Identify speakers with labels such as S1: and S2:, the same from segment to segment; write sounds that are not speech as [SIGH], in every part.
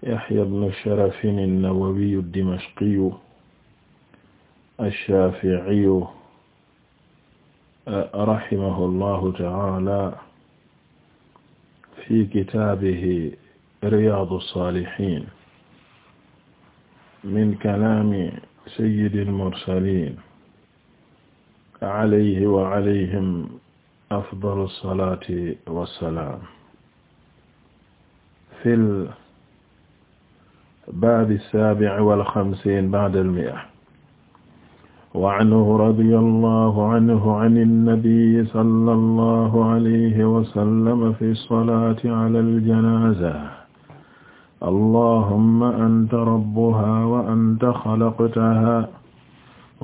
S1: Yahya ibn Sharaf an-Nawawi ad-Dimashqi ash-Shafi'i rahimahullahu ta'ala fi kitaabihi Riyaadu s-Saalihiin min kalaami sayyidi l-mursaliin alayhi wa alayhim afdalu s-salaati wa s-salaam fil baabi as-saabi'i wal xamsiin ba'da al-mi'a wa anhu radiyallahu anhu ani nnabiy sallallahu alayhi wa sallam fi salaati ala al-janaaza allahumma anta rabbuhaa wa anta xalaqtahaa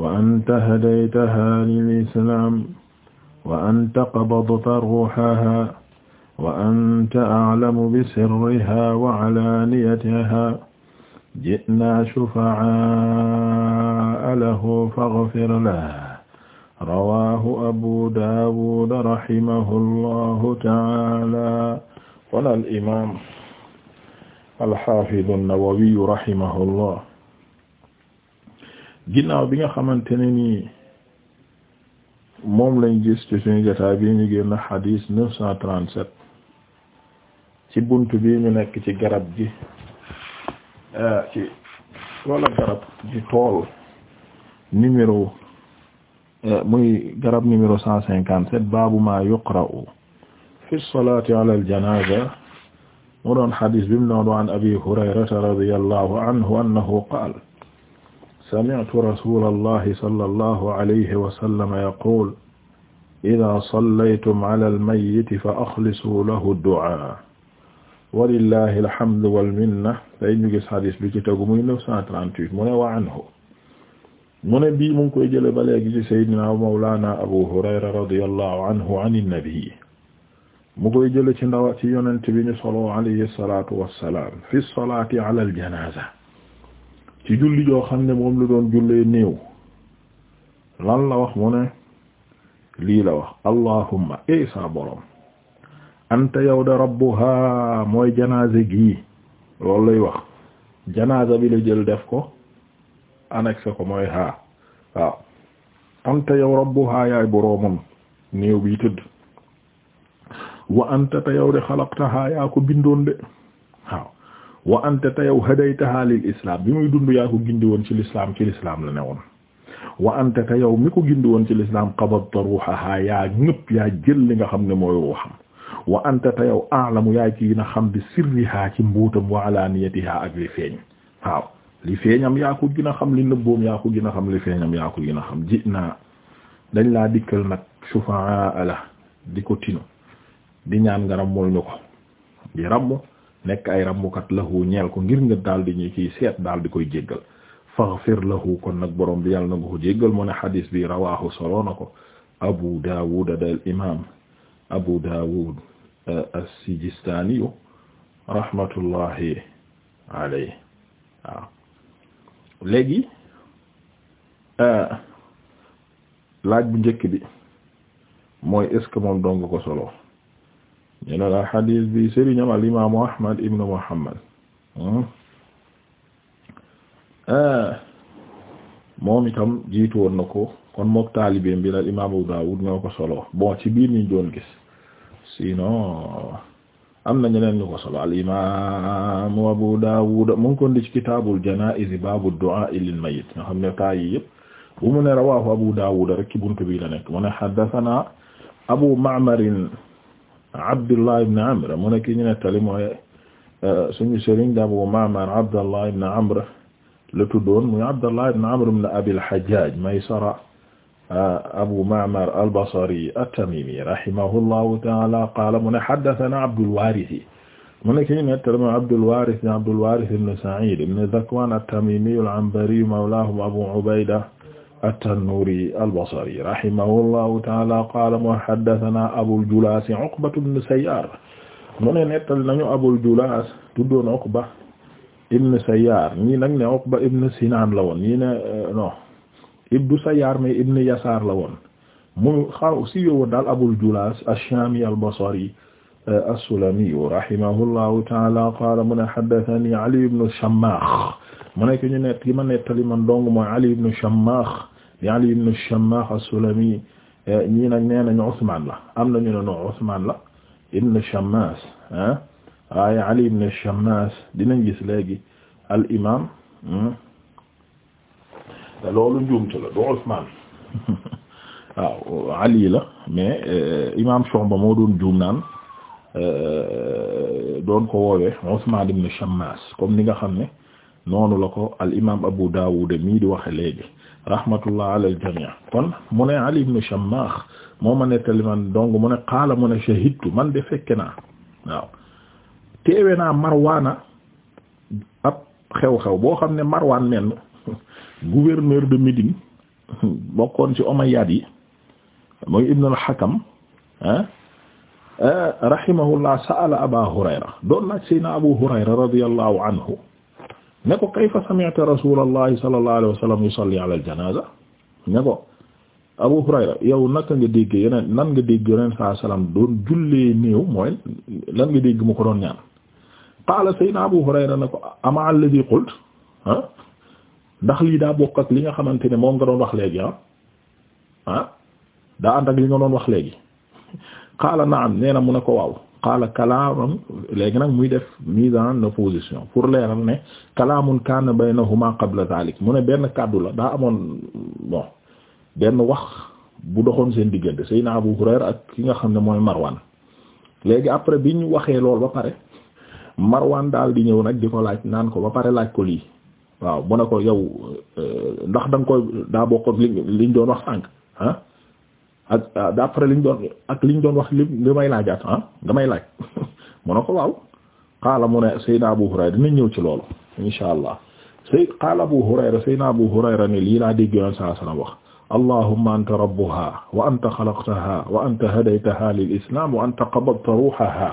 S1: wa anta hadaytahaa lil-islaam wa anta qabadta ruuhahaa wa anta a'lamu bi sirrihaa wa alaaniyatihaa ji'naa shufa'aa'a lahu faghfir lahu rawaahu abu daawud rahimahullahu ta'aala qaala al imaam al haafiz an-nawawi rahimahullah ginnaaw bi nga xamante ne nii moom lañ gis ci suñu jotaay bi ñu génn xadiis 937 ci buntu bi ñu nekk ci garab gi. Euh, ci wala garab ci tool numéro euh, muy garab numéro cent cinquante sept baabu ma yuqra'u fi salaati ala al janaza mu doon xadis bi mu doon an abi hurayrata radiyallahu anhu annahu qaala sami'tu rasulallahi sallallahu alayhi wa sallam yaqul idaa sallaytum ala al mayyiti fa axlisuu lahu du'aa walillahi alhamdu wal minna day ñu gis bi ci tegu muy 938 mu ne wa anhu mu ne bii mu ngi koy jële ba léegi ci sayyidina mawlana abu hurayra radiyallahu anhu an nabii mu koy jële ci ndaw ci yonent bi ñu solo alayhi salatu wassalam fi salati ala ci julli xam ne moom lu doon jullee néew la wax mu lii la wax allahumma eh anta yow da rabbuha mooy janaasa gi loolu lay wax janaasa bi la jël def ko annexe ko mooy ha waaw anta yow rabbuha yaay boroomam néew bi tëdd wa anta ta yow de xalaqtaha yaa ko bindoon de waaw wa anta ta yow hadaytaha lil islam bi muy dund yaa ko gindi woon ci l'islam ci l'islam la ne woon wa anta ta yow mi ko gindi woon ci l'islam qabadta ruhaha yaa ñëpp yaa jël li nga xam ne mooy ruuxam wa anta te yow a'lamu yaay ci na xam bi sirriha ci mbuutam wa alaniyatiha ak li feeñ waaw li feeñam yaa ko gën xam li nëbboom yaa ko gën xam li feeñam yaa ko gën a xam ji naa dañ laa dikkal nag shufa'a la di ko tinu di ñaan nga rammul ñu ko di ramm nekk ay rammukat lahu ñeel ko ngir nga daal di ñu ciy seet daal di koy jéggal faghfir lahu kon nag borom bi yàlla na nga ko jéggal mu ne xadis bi rawaahu solo na ko Abu Dawud da al imam Abu Dawud eh, as-Sijistaniyu rahmatullahi alayhi waaw eh, laaj bu njëkk bi moy est-ce moom dong ko solo ñu ne la xadiis bi sëriñam al imaamu Ahmad ibn Muhammad hmm? eh, moom itam jiitu woon ko kon mook taalibeem bi la imaam Abu Dawud ñoo ko solo bon ci biir niñ doon gis sinon am na ñeneen ñu ko solo al imaam Abu Dawud mu ngi ko indi ci kitaabul janaa'iz baabu du'aa lil mayyit nga xam ne taa yi mu ne rawaahu Abu Dawud rek buntu bi la nekk mu ne haddathanaa Abu Ma'mar Abdullah ibn Amr mu ne ki ñu nettali euh, Abdullah ibn Amr la tuddoon muy Hajjaj Maysara Ah, Abu Ma'mar al-Basri at-Tamimi rahimahullahu ta'ala qaala mu ne haddathana Abdul Waaris mu ne kii nettal ma Abdul Waaris Abdul Waaris ibn Sa'id ibn Zakwan at-Tamimi al-Anbari mawlaahum Abu Ubayda at-Tannuri al-Basri rahimahullahu ta'ala qaala mu haddathana Abul Julaas Uqba ibn Sayyar mu ne nettal nañu Abul Julaas tuddoon Uqba ibn Sayyar ñii nag ne Uqba ibn Sinaan la woon ñii ne eh, non ibnu Sayyaar mais ibnu Yasaar la woon mu xaw si woon daal Abul Julaas ash-Shaami al-Basri euh, as-Sulami rahimahullahu ta'ala qaala mu ne haddathani Ali ibnu Shammaax mu nekk ñu nekk li ma nettali man dong mooy Ali ibnu Shammaax di Ali ibnu Shammaax as-Sulami euh, ñii nag nee nañu Usmaan la am nañu ne non Usmaan la ibnu Shammaas ah waaye Ali ibnu Shammaas dinañ gis léegi al imaam. Hmm? te loolu njuumte la du Usmaan [LAUGHS] waaw Ali la mais euh, imaam Shu'ba moo doon juum naan euh, doon ko woowee Usmaan ibn Shammas comme ni nga xam ne noonu la ko al imaam Abu Dawud mii di waxe léegi rahmatullah ala al kon mu ne Ali ibn Shammakh moo ma nettali man donc mu ne qaala mu ne shahidtu man de fekke na waaw teewe naa Marwaana ab xew-xew boo xam ne Marwaan menn gouverneur de Médine [LAUGHS] bokkoon ci Omeyyades yi mooy Ibn al-Hakam ah, ah rahimahullah sa'ala Aba Hurayra doon laaj Seydina Abu Hurayra radiyallahu anhu ne ko kayfa sami'ta rasulallahi sallallahu alayhi wa sallam yusalli ala al-janaza ne ko Abu Hurayra yow naka nga dégg yeneen nan nga dégg yeneen saa salaam doon jullee néew mooy lan nga dégg mu ko doon ñaan qaala Seydina Abu Hurayra ne ko ama alladhi qult ah ndax lii daa bokk ak li nga xamante ne moom nga doon wax léegi ah, ah daa ànd ak li nga doon wax léegi [LAUGHS] qaala naam nee na mu ne ko waaw xaala kalaamun léegi nag muy def mise en opposition pour leeral ne kalaamun kaana baynahuma qabla zalik mu ne benn kàddu la daa amoon bon benn wax bu doxoon seen diggante Seydina Abu Hurayra ak ki nga xam ne mooy Marwan léegi après bi ñu waxee lool ba pare Marwan daal di ñëw nag di ko laaj naan ko ba pare laaj ko lii waaw mu ne ko yow euh, ndax da nga koy daa bokk ak liñ doon wax sànq ah ak ah, d'après liñ doon ak liñ doon wax li li may laajaat ah nga may laaj [LAUGHS] mu ne ko waaw xaala mu ne Seydina Abu Hurayra dinañ ñëw ci loolu insha allah Seyd xaala Abu Hurayra Seydina Abu Hurayra ne lii laa dégg yoon saa salaam wax allahumma anta rabbuha wa anta xalaqtaha wa anta hadaytaha lil islam wa anta qabadta ruhaha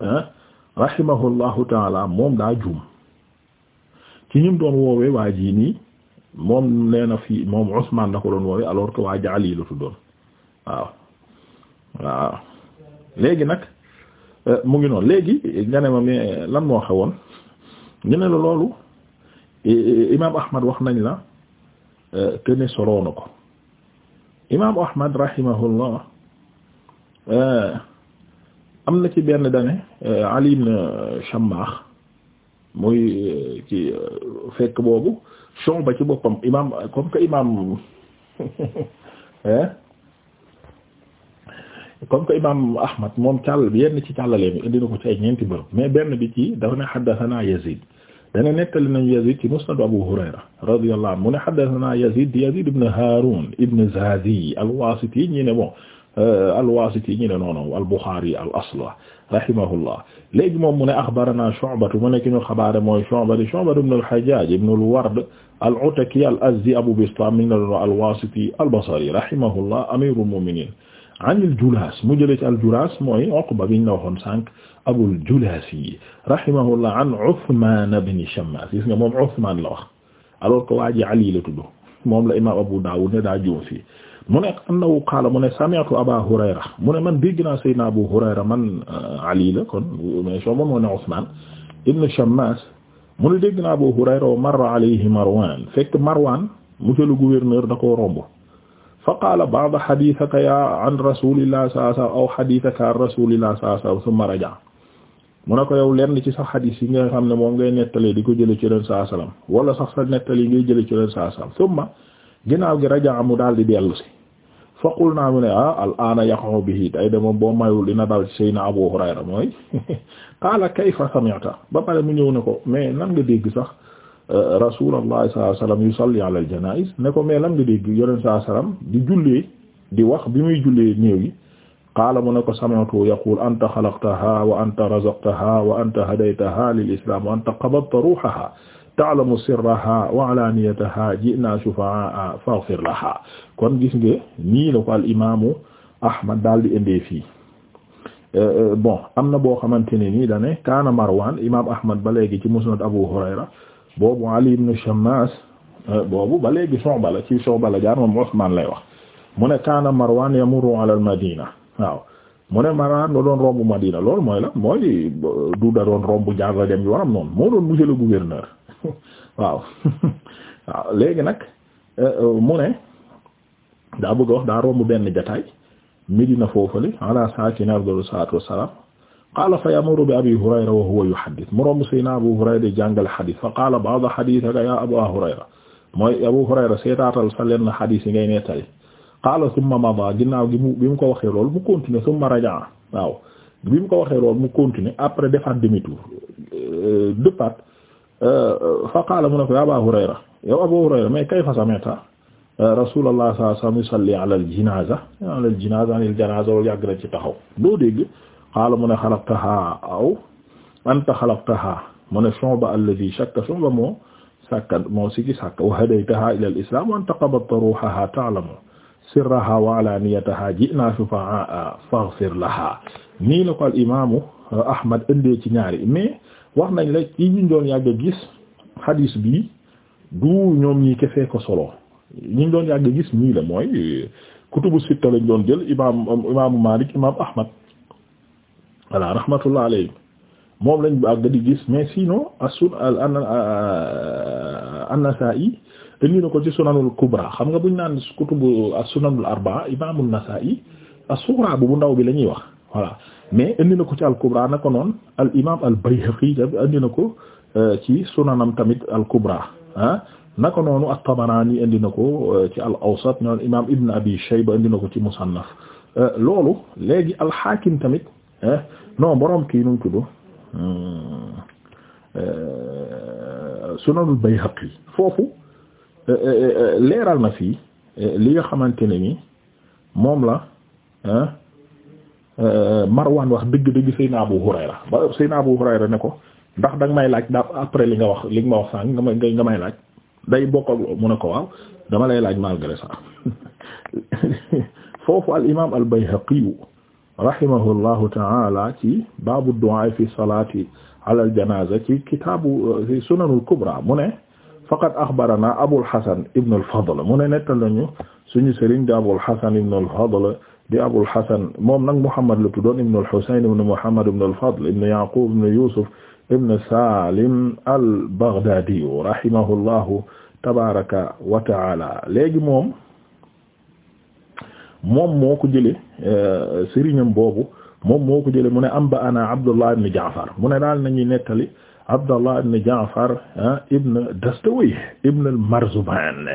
S1: Ah, rahimahullahu taala moom daa juum ci ñim doon woowe waa jii nii moom nee na fii moom Ousmane la ko doon woowee alors que waa ji Ali la tuddoon waaw waaw léegi nag eh, mu ngi noonu léegi nga ne ma mais lan moo xewoon ñu ne loolu imaam Ahmad wax nañ la te eh, ne na ko imaam Ahmad rahimahullah eh, am na ci benn dane euh, Ali ibn euh, Shammah muy euh, ci fekk boobu ba ci boppam imam comme que imam [LAUGHS] comme que imam Ahmad moom càll yenn ci càllaleemi indi na ko ci ay ñeenti bërëb mais benn bi ci dafa ne haddathana Yazid dana nettali nañu Yazid ci musnad Abu Hurayra radiyallahu anhu mu ne haddathana Yazid di Yazid ibn Harun ibn Zazi al-Wasiti ne bon Euh, al-Wasiti ñu ne noonu al-Bukhari al-asl rahimahullah léegi moom mu ne akhbarana Shu'ba mu ne ki ñu xabaare mooy Shu'ba di Shu'ba ibn al-Hajjaj ibn al-Ward al-Ataki al-Azdi Abu Bistam mi ne doon al-Wasiti al-Basri rahimahullah amirul mu'minin an al-Julas mu jëlee ci al-Julas mooy Uqba bi ñu la waxoon sànq Abul Julasi rahimahullah an Uthman ibn Shammas gis nga moom Uthman la wax alors que waa ji Ali la tudd moom la imaam Abu Dawud ne daa juum fii mu ne annahu qaala mu ne sami'tu Aba Hurayra mu ne man dégg naa Seydina Abu Hurayra man euh, Ali la kon mais soo moom moo ne Usmaan ibn Shammas mu ne dégg naa Abu Hurayra wa marra alayhi Marwan fekk Marwan monsieur le gouverneur da koo romb fa qaala ba'da hadithaka ya an rasulillah sallallahu alayhi wa sallam aw hadithaka an rasulillah sallallahu alayhi wa raja'a mu ne ko yow lenn ci sax hadith yi nga xam ne moom ngay nettalee di ko jële ci leen sallallahu alayhi sax sa nettali ngay jële ci leen sallallahu alayhi gi raja'a mu daal di dellu si faqul naa mu ne ah al aana yaqa'u bihi tay de moom boo mayul dina dal Seydina Abu Hurayra mooy [LAUGHS] qaala kayfa sami'ta ba pare mu ñëw ne ko mais nan nga dégg sax euh, Rasulullah sallallahu alayhi wasallam yusalli ala al janaa'iz ne ko mais lan nga dégg yonent sallallahu alayhi wasallam di jullee di wax bi muy jullee néew yi qaala mu ne ko sami'tu yaqul anta xalaqtaha wa anta razaqtaha wa anta hadaytaha lil islam wa anta qabadta ruhaha ta'lamu sirraha wa alaniyataha ji'na shufa'a faghfir laha kon gis nga nii la ko al imaamu Ahmad daal di indee fii eh, eh, bon am na boo xamante ni nii da kaana Marwan imaam Ahmad ba léegi ci musnad Abu Hurayra boobu Ali ibn Shammas eh, boobu ba léegi Shu'ba la ci Shu'ba la jaar moom Usman lay wax mu ne kaana Marwan yamurru ala al-Madina waaw mu ne Marwan da doon romb Madina loolu mooy la mooy du da doon romb jaar la dem yoonam noonu moo doon monsieur le [LAUGHS] waaw [LAUGHS] waaw léegi nag euh, mu ne daa bëgg wax daa romb benn jataay Medina foofale ala saakini afdalu salaatu wassalaam qaala fa yamuru bi abi hurayra wa huwa yuhaddith mu romb sayna abu hurayra di jàngal xadis fa qaala ba'da xadiisaka ya abu hurayra mooy abu hurayra seetaatal sa lenn xadis ngay nettali qaala summa mada ginnaaw gi mu bi mu ko waxee loolu mu continuer summa rajaa waaw bi mu ko waxee loolu mu continuer après defaat demi tour euh, dëppaat Euh, fa qaala mu ne ko ya Abaa Hurayra yow Abaa Hurayra mais kayfa sami'ta euh, Rasuulullah sallallahu alayhi wa sallam yusalli ala al-janaaza ala al-janaaza ala al-janaaza loolu yàgg na ci taxaw doo dégg qaala mu ne xalaqtahaa aw anta xalaqtahaa mu ne Shu'ba alladhii shakka Shu'ba moo sàkka moo siki sàkka wa hadaytahaa ila al-islaam wa anta qabadta ruuhahaa ta'lamu sirrahaa wa alaaniyatahaa ji'naa shufa'aa faghfir lahaa nii la ko al imaamu Ahmad indee ci ñaari mais wax nañ la ci ñu doon yàgg a gis hadis bi du ñoom ñi kefee ko solo ñi doon yàgg a gis nii la mooy kutubu sitta lañ doon jël imaam imaamu Maalik imaam Ahmad voilà rahmatullah alayhi moom lañ bu àgg di gis mais sinon as-Sunan an te euh, indi na ko ci sunanul kubra xam nga buñ naan kutubu as-sunanul arba'a imaamu an-Nasa'i as-sughra bu ndaw bi la ñuy wax voilà mais indi na ko ci al-Kubra naka noonu al imaam al-Bayhaqi indi na ko euh, ci sunanam tamit al-Kubra ah naka noonu at-Tabarani indi na ko euh, ci al-Awsat ñoom imaam Ibn Abi Shayba indi na ko ci Musannaf euh, loolu léegi al tamit eh, non borom kii nu mu tudd hmm, sunanul foofu leeral na fii li nga xamante ne ni moom la. Euh, Marwan wax dëgg-dëgg Seydina Abu Hurayra ba Seydina ne ko ndax danga may laaj daa après li nga wax li nga ma wax sànq nga may nga may laaj day bokk mu ne ko waaw dama lay laaj malgré ça [LAUGHS] foofu al imaam al Bayhaqi rahimahullahu ta'ala ci baabu du'a fi salati ala al janaza ci kitaabu sunanul kubra mu ne faqad akhbarana Abul Hasan ibn al Fadl mu ne nettal nañu suñu sëriñ di Abul Hasan ibn al di Abul Hasan moom nag Muhammad la tuddoon ibn al-Husayn ibn Muhammad ibn al-Fadl ibn Yaqub ibn Yusuf ibn Salim al-Baghdadi rahimahullahu tabaraka wa taala léegi moom moom moo ko jële euh, sëriñam boobu moom moo ko jële mu ne am ba ana Abdullah ibn Ja'far mu ne daal nañuy nettali Abdallah ibn Ja'far ah, ibn Dastawayh ibn al-Marzuban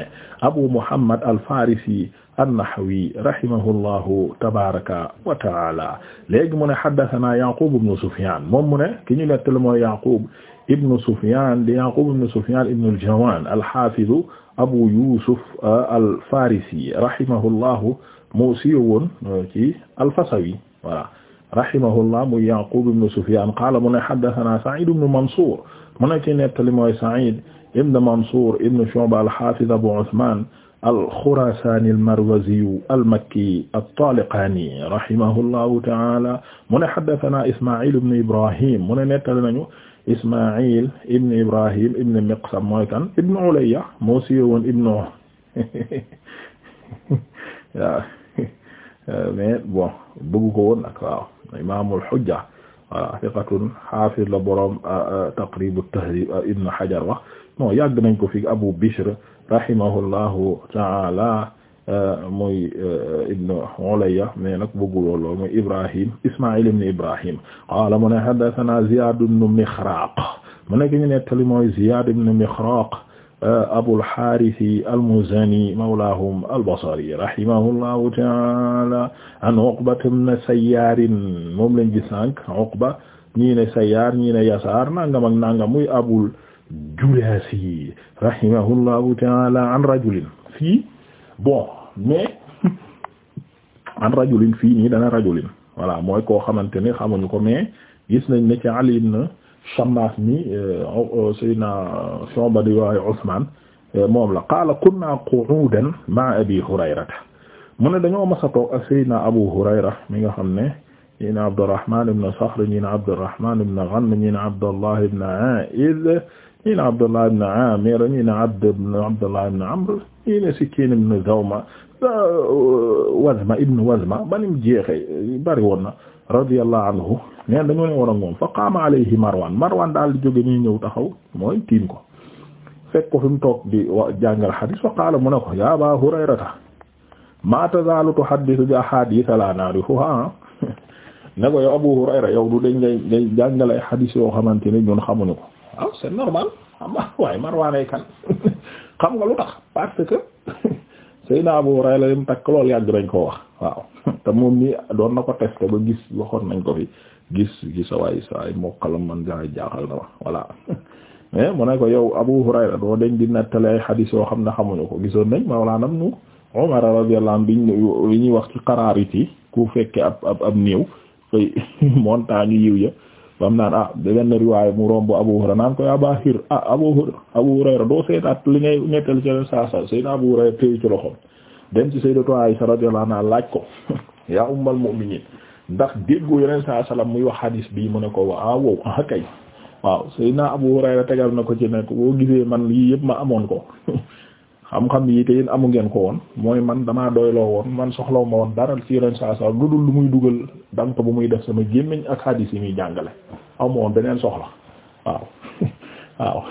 S1: Abu Muhammad al-Farisi an-Nahawi rahimahullahu tabaaraka wa ta'ala léegi mu ne haddathana Yaqub ibn Sufyan moom mu ne ki ñu nettali mooy Yaqub ibn Sufyan di Yaqub ibn Sufyan ibn al-Jawan al-Hafiz Abu Yusuf ah, al-Farisi rahimahullahu mu siiwoon ah, ci al-Fasawi voilà rahimahullah muy Yaqub ibn Sufyan qaala mu ne haddathana Sa'id ibn Mansur mu ne ki nettali mooy Sa'id ibn Mansur ibn Shu'ba al-Hafiz Abu Uthman al-Khurasani al-Marwazi al-Makki at-Taliqani rahimahullahu ta'ala mu ne haddathana Isma'il ibn Ibrahim mu ne nettali nañu Isma'il ibn Ibrahim ibn Miqsam mooy kan ibn Ulayya moo siiwoon ibn [LAUGHS] Euh, mais bon bëgg ko woon nag waaw imaamul hujja voilà thiqatun hafiz la borom euh, euh, taqrib at-tahdhib ibn hajar wax non yàgg nañ ko fi abu bishr rahimahullahu ta'ala muy ibn ulayya mais nag bëggul woon lool muy ibrahim isma'il ibn ibrahim qala mu ne hadathana ziyad ibn mikhraq mu nekk ñu nettali mooy ziyad ibn mikhraq abu Haarisi al-Muzani mawlaahum al-Basri rahimahullahu an Uqbata ibn Sayyaar moom lañ gis sànq Uqba ñii ne Sayyaar ñii ne Yasaar nangam ak nangam muy Abul Julaasi rahimahullahu ta'aala an rajulin fii bon mais [LAUGHS] an rajulin fii nii dana rajulin voilà mooy koo xamante ne xamuñu ko mais gis nañ ne ci Shammas mi euh, euh, Seydina Shu'ba di waaye Usmaan euh, moom la qaala kunna qu'uudan ma'a Abi Hurayrata mu ne dañoo masa toog ak Seydina Abu Hurayra mi nga xam ne ñi na Abdurrahmaan ibn Sakhr ñi na Abdurrahmaan ibn Ghanm ñi na Abdullah ibn A'id ñi na Abdullah ibn Aamir ñi na Abd ibn Abdullah ibn Amr ñi na Sikiin ibn Zawma Wazma ibn Wazma banim jeexe bari woon na radiyallahu anhu neen dañoo ne war a moom fa qaama alayhi marwan marwan daal di jóge nii ñëw taxaw mooy tiim ko fekk ko fi mu toog di jàngal xadis fa qaala mu ne ko ya aba hurayrata ma tazaalu tuhaddisu bi la na'rifuha [LAUGHS] ne ko yow abu hurayra yow du dañ ngay ay xadis yoo xamante ne ñun xamuñu ko waaw c'est normal xam waaye marwan ay kan [LAUGHS] xam nga lu tax parce que sayna [LAUGHS] abu hurayra lim takk lool yàgg dañ koo wax waaw [LAUGHS] te moom mi doon na ko testé ba gis waxoon nañ ko fi gis gisa waay saay mokkalam man jaay jaaxal na ma voilà [LAUGHS] mais mu ne ko yow Abu Hurayra doo dañ di nettali ay xadiis yoo xam ne xamuñu ko gisoon nañ Mawlana nu Umar radiyallahu anhu bi ñuy wax ci xaraarit yi ku fekke ab ab néew fay [LAUGHS] montagne yiw ya bam naan ah benn riwaay mu romb Abu Hurayra naan koy Aba Hir ah Abu Hurayra Abu Hurayra doo seetaat li ngay nettali ci leen saa saa seen Abu Hurayra dem ci sayyidatu Aisha radiyallahu anha laaj ko [LAUGHS] yaa ummul mu'minin ndax déggoo yeneen saa salaam muy wax hadis bii mu ne ko waaw ah, wow ah kay waaw sayyidina Abu Hurayra tegal na ko ci nekk boo gisee man yii yëpp ma amoon ko [LAUGHS] xam-xam yi te yéen amu ngeen ko woon mooy man damaa doyloo woon man soxlaw ma woon dara ci yeneen saa salaam lu dul lu muy dugal dant bu muy def sama gémmiñ ak hadis yi muy jàngale amoon beneen soxla waaw [LAUGHS] waaw.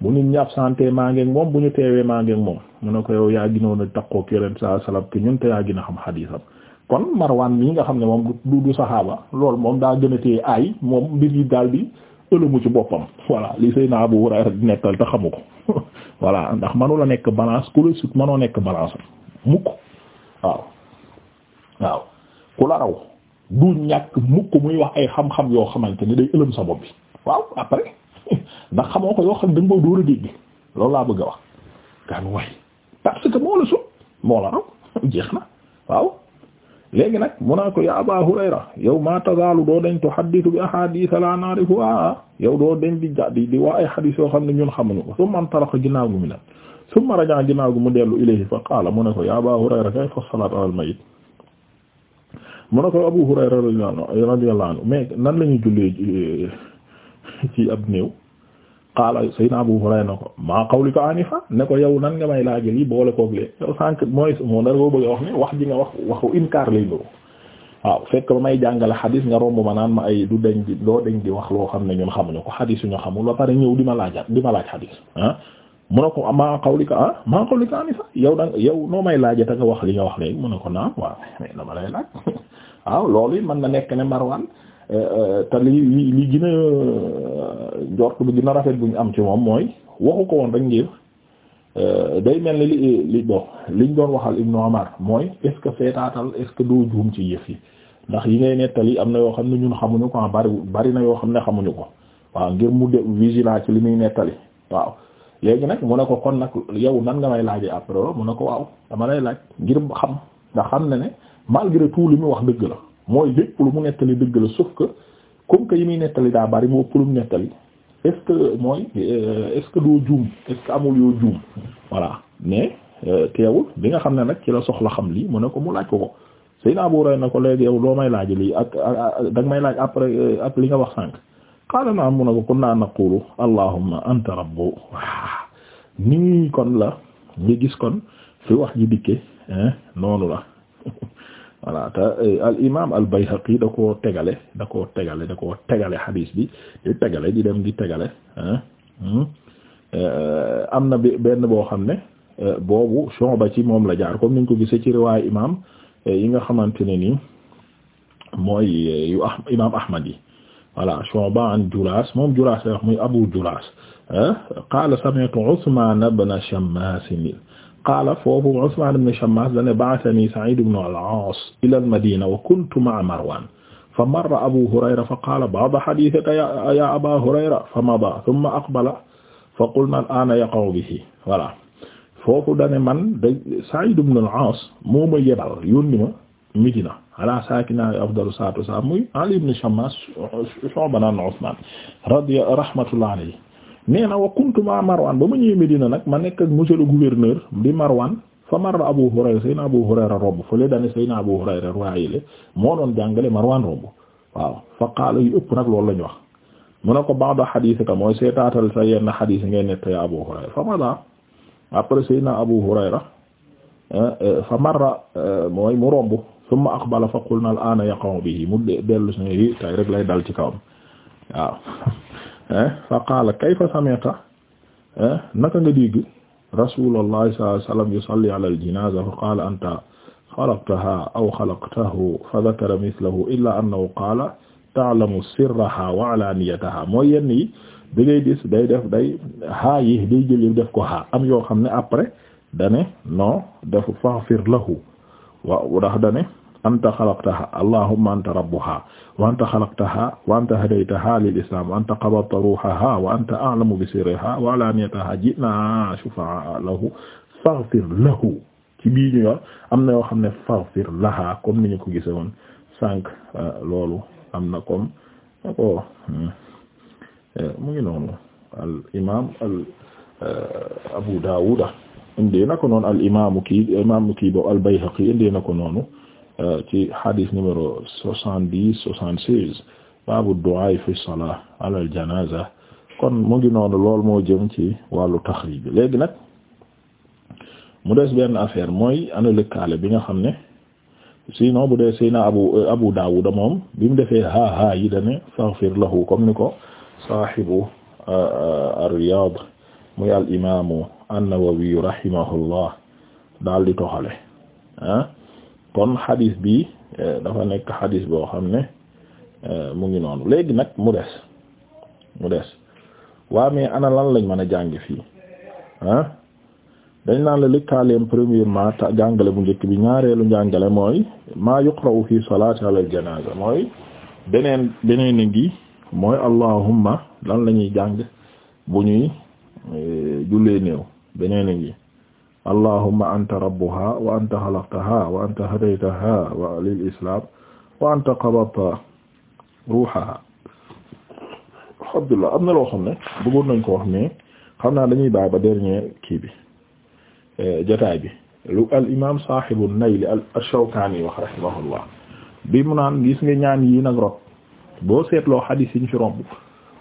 S1: bu nit ñi absenté maa ngeeg moom bu ñu teewee maa ngeeg moom mu ne ko yow yaa ginoon a taqoo ki yonent saa sallam ki ñun te yaa gën a xam xadiisam kon Marwan mii nga xam ne moom du du saxaaba loolu moom daa gën a téye aay moom mbir yi daal di ëlëmu ci boppam voilà li naa Seydina Abu rek di nekkal te xamu ko [LAUGHS] voilà ndax manu la nekk balance ku la sut manoo nekk balance mukk waaw waaw ku la raw du ñàkk mukk muy wax ay xam-xam yoo xamante ni day ëlëm sa bopp ndax xamoo ko yoo xam da nga koy dóor a loolu laa bëgg wax gan moo la sut moo la raw [LAUGHS] jeex na waaw léegi nag mu naa ko ya Aba Hurayra yow ma tazaalu doo dañ tuhaddisu bi ahadith la na'rifuha yow doo dañ di di di waa ay hadith yoo xam ne ñun xamuñu ko summa antalaqa ginnaaw gu mi nag summa raja'a ginnaaw gu mu dellu ilayhi fa qaala mu ne ko ya Aba Hurayra kayfa salaatu alal mayit mu ne ko Abu Hurayra radiyallahu anhu mais nan la ñuy jullee ci qaala sayna Abu Hurayra na ko maa qawlika anifa ne ko yow nan nga may laaj lii boole koog lee yow sànq mooy moo nar koo bëgg a wax ne wax ji nga wax waxu inkaar lay doon waaw fekk may jàngale xadis nga romb ma naan ma ay du deñ di doo di wax loo xam ne ñun xamuñu ko xadis yu ñu xamul ba pare ñëw di ma laajaat di ma laaj xadis ah. mu ne ko ah, maa qawlika ah maa qawlika anifa yow da yow noo may laajee te nga wax li nga wax léegi mu ne ko naam waaw dama lay laaj [LAUGHS] waaw loolu it mën na nekk ne Marwan. te li li li gën a euh, bi gën a rafet bu ñu am ci moom mooy waxu ko woon rek ngir euh, day mel ni li li bon liñ doon waxal Ibnu Umar mooy est-ce que seetaatal est-ce que doo juum ci yëf yi ndax yi ngay nettali am na yoo xam ne ñun xamuñu ko bari bari na yoo xam ne xamuñu ko waaw ngir mu de vigilant ci li muy nettali waaw léegi nag mu ne ko kon nag yow nan nga may laajee après mu ne ko waaw dama lay laaj ngir xam nga xam ne ne malgré tout li muy wax dëgg la. mooy lépp lu mu nettali dëgg la sauf que comme que yi muy nettali daa bari moo ëpp lu mu nettali est-ce que mooy euh, est-ce que doo juum est-ce que amul yoo juum voilà mais euh, teewul bi nga xam ne nag ci la soxla xam lii mu ne ko mu laaj ko ko Seydina Abu na ko yow loo may laaj lii ak danga may laaj après euh, ak li nga wax sànq qaala na mu ko kunna naqulu allahumma anta rabbu waa nii kon la nga gis kon fi wax ji dikke noonu la voilà te euh, al imaam al Bayhaqi da koo tegale da koo tegale da koo tegale xadiis bi di tegale di dem di tegale hmm. euh, am na benn boo xam ne euh, boobu Shu'ba ci moom la jaar comme niñ ko gisee ci riwaayu imaam yi nga xamante ne nii mooy yu ah imaam Ahmad yi voilà Shu'ba an Julaas moom Julaas la wax muy Abu Julaas qaala sami'tu Usmaan ibn Shammaas qaala foofu Usmaan ibn Shammaas dane ba'athanii Sa'iid ibn al-Aas ila al-Madiina wa kuntu ma'a Marwaan fa marra Abuu Hurayra fa qaala ba'du hadiithika yaa Abaa Hurayra fa madaa thumma aqbala fa qulnaa al-aana yaqa'u bihi voilà foofu dane man da Sa'iid ibn al-Aas moo ma yebal yónni ma Madiina ala saakina afdalu salaatu wa salaam muy Ali ibn Shammaas Shu'ba an Usmaan radiya rahmatullahi alayhi nee na wa kuntu ma ba ma ñëwee Medina nag ma nekk ak monsieur le gouverneur di Marwan fa marra Abu Hurayra sayna Abu Hurayra robb fële dane sayna Abu Hurayra roayile moo doon jàngale Marwan robb waaw fa qaala yu ëpp nag loolu la wax mu ne ko ba'da hadithika mooy seetaatal sa yenn hadith ngay nett ya Abu Hurayra fa mada après sayna Abu Hurayra eh, eh, fa marra eh, mooy mu romb summa aqbala fa qulna al ana yaqa'u bihi mu dellu si tay rek lay dal ci kawam fa qaala kayfa sami'ta naka nga dégg rasulullah sallallahu alayhi wasallam yusalli ala al-janaza fa qaala anta xalaqtaha aw xalaqtahu fa dhakara mithlahu illa annahu qaala ta'lamu sirraha wa alaniyataha mooy yenn yi da ngay gis day def day haa yi day jël def ko haa am yoo xam ne après dane non dafa faghfir lahu wa ndax dane anta xalaqtaha allahumma anta rabbuha wa anta xalaqtaha wa anta hadaytaha lil islam wa anta qabadta ruhaha wa anta a'lamu bi sirriha wa alaniyataha ji'na shufa'a lahu faghfir lahu ci bii ñu yor am na yoo xam ne faghfir laha comme ni ñu ko gise woon sànq euh, loolu am na comme ah na ko hmm, euh, mu ngi noonu al imam al euh, abu dawuda indee na ko noonu al imamu kii imamu kii boobu al bayhaqi indee na ko noonu Euh, ci hadith numéro soixante dix soixante fi salat ala al janaza kon mu ngi noonu lool moo jëm ci wàllu taxrij bi nag mu des ben affaire mooy ana lëkkaale bi nga xam ne sinon bu dee sayna abu euh, abu daawuda moom bi mu defee ha ha yi dane lahu comme ni ko saahibu euh, ar-riyaad muy al imaamu an-nawawi rahimahullah daal di toxale ah. kon xadis bi eh, dafa nekk xadis boo xam ne eh, mu ngi noonu léegi nag mu des mu des waa mais ana lan lañ mën a jàng fii ah dañ naan la lëkkaaleem premièrement ta jàngale bu njëkk bi ñaareelu njàngale mooy maa yuqra'u fi salaati ala al mooy beneen beneen ngi mooy allahumma lan lañuy jàng bu ñuy eh, jullee néew beneen ngi allahumma anta rabbuha wa anta xalaqtaha wa anta hadaytaha wa lil islam wa anta qabadta ruhaha alhamdulillah na loo xam ne bëggoon nañ ko wax xam naa dañuy bàyyi ba dernier kii bi eh, jataay bi lu al imam sahibu nayli ash-Shawkani wax rahimahullah bi mu naan gis nga ñaan yi nag rot boo seetloo xadiis yi ñu fi romb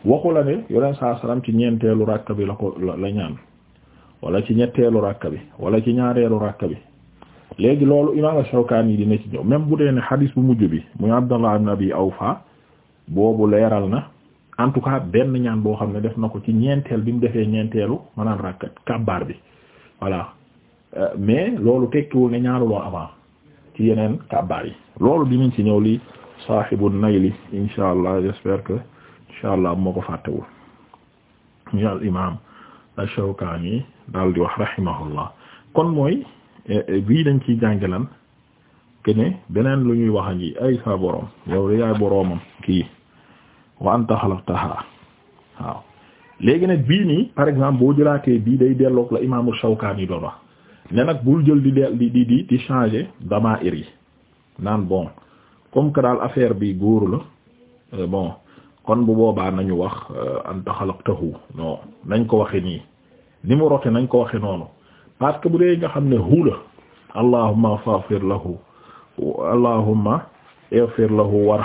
S1: waxu la ne yoneen saa salaam ci ñeenteelu ràkk bi la ñaan wala ci ñetteelu rakka bi wala ci ñaareelu rakka bi léegi loolu imam Shawkaani yi dina ci ñëw même bu dee ne hadis bu mujj bi muy Abdallah ibn Abi Awfa boobu leeral na en tout cas benn ñaan boo xam ne def na ko ci ñeenteel bi mu defee ñeenteelu maanaam rakkat kabbaar bi voilà euh, mais loolu tekkiwul ne ñaanu loon avant ci yeneen kabbaar yi loolu dinañ ci ñëw li saahibu nayli insha allah j'espère que insha allah moo ko fàttewul ñal imam Ash-Shawkani di wax rahimahullah kon mooy eh, eh, bii dañ ciy jàngalan ke ne beneen lu ñuy wax a ngi ay sa boroom yow de yaay boroomam kii wa anta xalaqtaha waaw léegi nag bii nii par exemple boo jëlaatee bii day delloog la imaamu Shawkani doon wax ne nag bul jël di di di di di changer dama ir naan bon comme que daal affaire bi góor la euh, bon kon bu boobaa nañu wax euh, anta xalaqtahu non nañ ko waxe nii ni mu rote nañ ko waxe noonu parce bu dee nga xam ne hu la allahumma faghfir lahu allahumma ighfir wa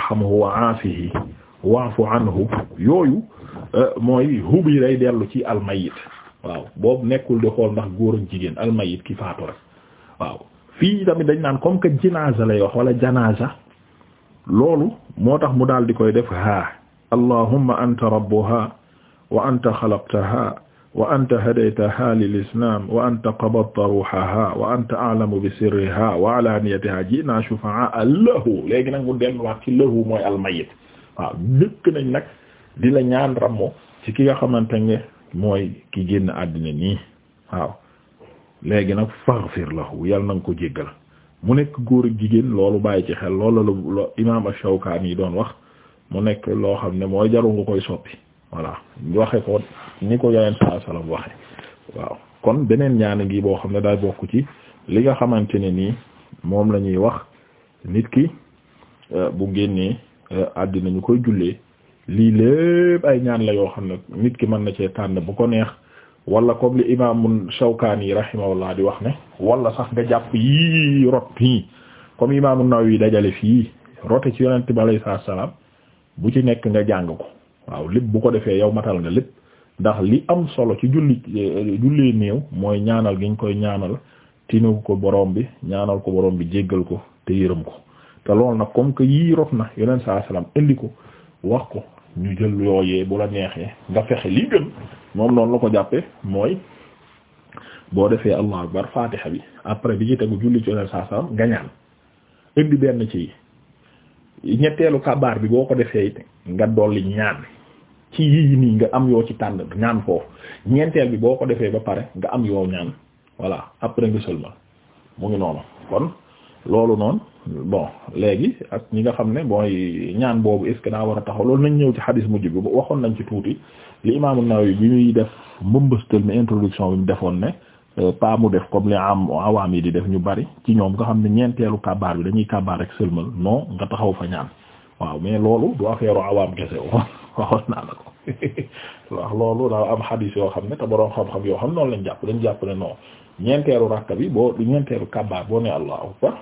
S1: aafihi waafu anhu yooyu euh, mooy hu bi day dellu ci almayit waaw boobu nekkul di xool ndax góor ak jigéen almayit ki faatu rek waaw fii tamit dañ naan comme que jinaasa lay wax wala janaasa loolu moo tax mu daal di koy def haa allahumma anta rabbuha wa anta xalaqtaha wa anta hadaytaha lil islam wa anta qabadta ruhaha wa anta a'lamu bi sirriha wa alaniyatiha ji'na shufa'a lahu léegi nag mu delluwaat ci lahu mooy almayit waaw njëkk nañ nag di la ñaan rammo ci ki nga xamante ne mooy ki génn àddina nii waaw léegi nag faghfir lahu yàlla na nga ko jéggal mu nekk góor ak jigéen loolu bàyyi ci xel loolu la imaam Ash-Shawkaani doon wax mu nekk loo xam ne mooy jaru nga koy soppi voilà waxe ko ni ko yeneen saa salaam waxe waaw kon beneen ñaan ngi boo xam ne daay bokk ci li nga xamante ne nii moom lañuy wax nit ki euh, bu génnee euh, àddina ñu koy jullee lii lépp ay ñaan la yoo xam ne nit ki mën na cee tànn bu ko neex wala comme li imaamu Shawkaani rahimahullah di wax ne wala sax nga jàpp yii rot fii comme imaamu Nawawi dajale fii rote ci yonent bi alayhi salaam bu ci nekk nga jàng ko waaw lépp bu ko defee yow matal nga lépp ndax li am solo ci julli eh, jullee néew mooy ñaanal gi ñu koy ñaanal tinu ko boroom bi ñaanal ko borom bi jéggal ko te yërëm ko te loolu nag comme que yii rot na yeneen saa salaam indi ko wax ko ñu jël yooyee bu la neexee nga fexe li gën moom noonu la ko jàppee mooy boo defee allahu akbar fatiha bi après bi ci tegu julli ci yeneen saa salaam nga ñaan indi benn ci ñetteelu kabaar bi boo ko defee nga dolli ñaan ci yii nii nga am yoo ci tànn ñaan foofu ñeenteel bi boo ko defee ba pare nga am yoo ñaan voilà après nga seulement mu ngi noonu kon loolu noon bon léegi ak ñi nga xam ne mooy ñaan boobu est ce que daa war a taxaw loolu nañ ñëw ci xadis mujj bi waxoon nañ ci tuuti li imaamu Nawawi bi ñuy def mbëmbëstal mi introduction bi mu defoon ne Euh, pas mu def comme li am awaam yi di def ñu bari ci ñoom nga xam ne ñeenteelu kabaar bi dañuy kabaar rek sëlmal non nga taxaw fa ñaan waaw mais loolu du affaire awaam kese [LAUGHS] [LAUGHS] loolu daa am xam ne te boroom yoo xam noonu lañ jàpp dañ jàpp ne non ñeenteelu rakka bi ne allahu akbar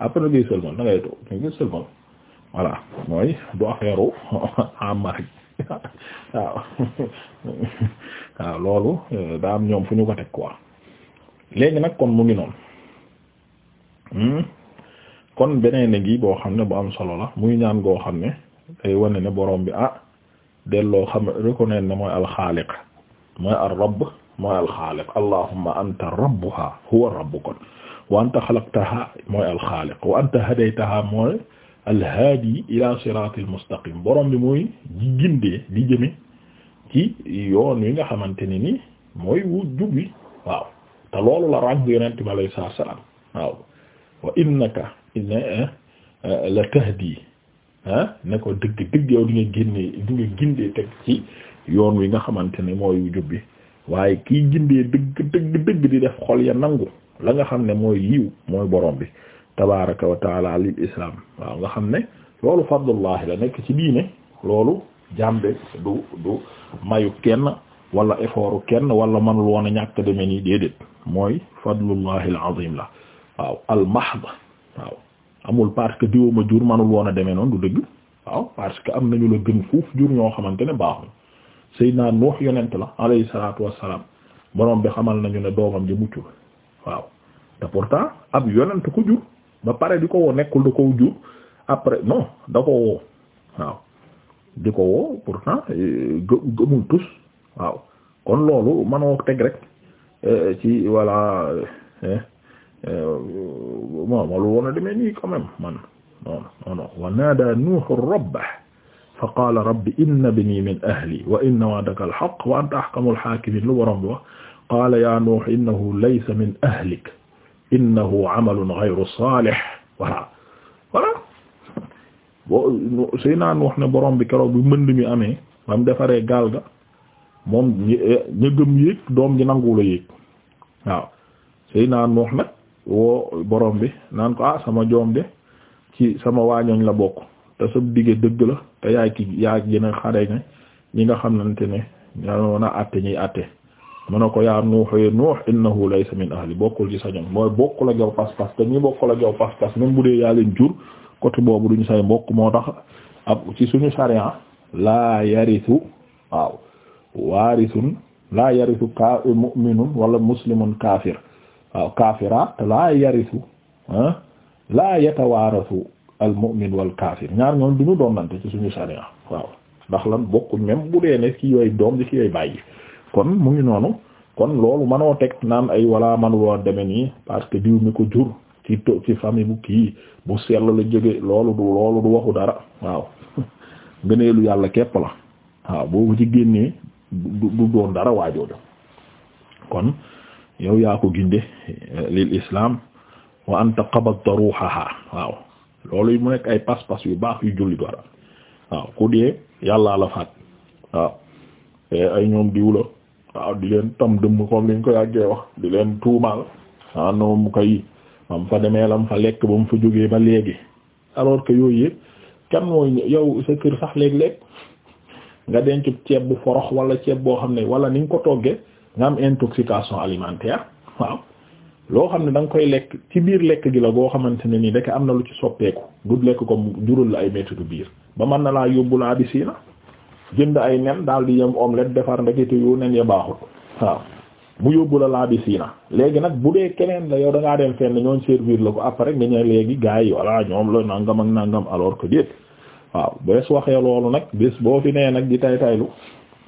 S1: après ngay sëlmal da da ngay sëlmal [LAUGHS] rek waaw loolu euh, daa am ñoom fu ñu ko teg quoi. léegi nag kon mu ngi noonu hmm? kon beneen a ngi boo xam ne bu am solo la muy ñaan goo xam ne day wane ne borom bi a ah, delloo xam reconnaître ne mooy alxaaliq mooy ar rabb mooy alxaaliq allahumma anta rabbuha huwa rabb kon wa anta mooy alxaaliq wa anta mooy alhaadi ila siratil mustaqim borom bi mooy di gindee di jëme ci yoon wi nga xamante ne ni mooy wu jub wi waaw te loolu la ràng yonent bi alayhi salaatu wa salaam waaw wa innaka inna eh, eh, la tahdi eh, ne ko dëgg dëgg yow di nga génnee di gindee teg ci yoon wi nga xamante ni mooy jubbi waaye kiy gindee dëgg dëgg dëgg di def xol ya nangu la nga xam ne mooy yiw mooy borom bi tabaraka wa taala lil waaw nga xam ne loolu fadlullahi la nekk ci diine loolu jàmbe du du mayu kenn wala effort kenn wala manul woon a ñàkk deme nii déedéet mooy fadlullahi alazim la waaw almahd waaw amul parce que diwuma jur manul woon a demee noonu du dëgg waaw parce que am nañu la gën fuuf jur ñoo xamante ne baaxuñ Seydina Nuux yonent la alayhi salaatu wassalaam borom bi xamal nañu ne doomam di muccul waaw te pourtant ab yonent ko jur ba pare di ko woo nekkul da ko jur après non da ko woo waaw di ko woo pourtant gëmul tus waaw kon loolu manoo teg rek euh, ci voilà euh, euh, bon ma lu woon a demee nii quand même man non non non wa naada nuuhu rabbahu fa qaala rabbi inna ibnii min ahli wa inna wa'daka al-haqq wa anta ahkamul haakimiin lu borom bi wax qaala yaa nuuh innahu laysa min ahlik innahu amalun ghayru saalih voilà voilà bo Seydina Nuuh ne borom bi keroog bi mbënd mi amee ba mu defaree gaal ga moom eh, ña gëm yéeg doom ji nanguwula yéeg waaw sëy naa nuux nag woo borom bi naan ko ah sama joom de ci sama waañooñ la bokk te sa digge dëgg la te yaay ki yaa gën a xare ne ñi nga xam xamante ne ñoo a àtte ñiy àtte mu ne ko yaa nuuxee nuux innahu laysa min ahli bokkul ci sa mooy bokk ak yow pas-pas te ñi bokkul ak yow pas-pas même bu dee yaa leen jur côté boobu duñu say mbokk moo tax ab ci suñu sariya laa yaritu waaw waarisun laa yarisu ka mu'minun wala muslimun kaafir waaw kaafiraat laa yarisu ah laa yatawaarasu al wal kaafir ñaar ñoom du ñu doonante ci suñu sariya waaw ndax lan bokkuñ même bu dee ne ki yooyu doom di ki yooyu bàyyi kon mu ngi noonu kon loolu manoo teg naan ay wala man woo deme nii parce que diw mi ko jur ci to ci famille bu kii bu sell la jóge loolu du loolu du waxu dara waaw [LAUGHS] ngëneelu yàlla képp la waaw boobu ci génnee du doon dara waajooju kon yow yaa ko ginde eh, lil islam wa anta qabadta ruuxaha waaw loolu mu nekk ay pas-pas yu baax yu jullit wara waaw ku dee yàllaa la faat waaw eh, ay ñoom diwla la waaw di leen tam dëmm comme liñ ko yàggee wax di leen tuumaal ah non mu koy mam fa demee lam fa lekk ba mu fa jógee ba léegi alors que yooyu yëpp mooy yow sa kër sax léeg-léeg nga denc ceeb bu forox wala ceeb boo xam ne wala ni nga ko toggee nga am intoxication alimentaire waaw loo xam ne danga koy lekk ci biir lekk gi la boo xamante ne nii ndeke am na lu ci soppeeku du lekk ko jural la ay métti biir ba mën na laa yóbbu laa bi siina jënd ay nen daal di yem omelette defar ndekete yu nen ya baaxut waaw mu yóbbu la laa bi léegi nag bu dee keneen la yow da ngaa dem fenn ñooñ servir la ko après nga ñëw léegi gars yi voilà ñoom la nangam ak waaw bés waxee loolu nag bés boo fi nee nag di tay taylu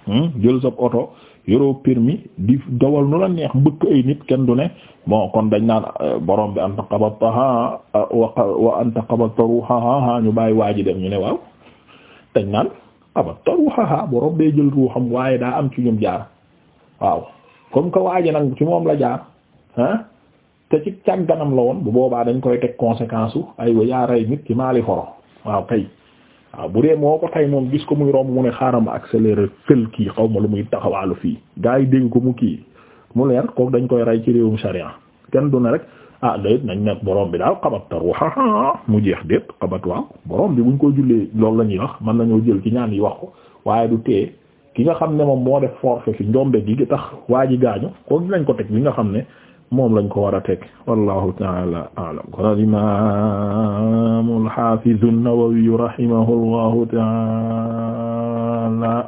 S1: hmm, jël sa oto yoroo permis di dawal nu la neex mbëkk ay nit kenn du ne moo kon dañ naan euh, borom bi anta qabattaha wa anta qabattaruha ñu bàyyi waa ji dem ñu ne waaw dañ naan qabattaruha borom bee jël ruuxam waaye daa am ci ñum jaar waaw comme que waa ji nag ci moom la jaar ah te ci càgganam la woon bu boobaa dañ koy teg conséquence u ay wa yaa rey nit ci maali foro waaw kay waaw bu dee moo ko tay moom gis ko muy romb mu ne xaaral ma accélérer fël kii xaw ma lu muy taxawaalu fii gars yi dégg ko mu kii mu leer kooku dañ koy rey ci réewum sharia kenn du ne rek ah léegi nañ nekk borom bi daal xabat taruha mu jeex déet xabat waaw borom bi buñ ko jullee loolu la ñuy wax mën nañoo jël ci ñaan yi wax ko waaye du tee ki nga xam ne moom moo def forfait fi njombe gi tax waa ji gaañu kooku lañ ko teg li nga xam ne. moom lañ ko war a teg wallahu taala aalam kon al imam al hafiz an-Nawawi rahimahullahu taala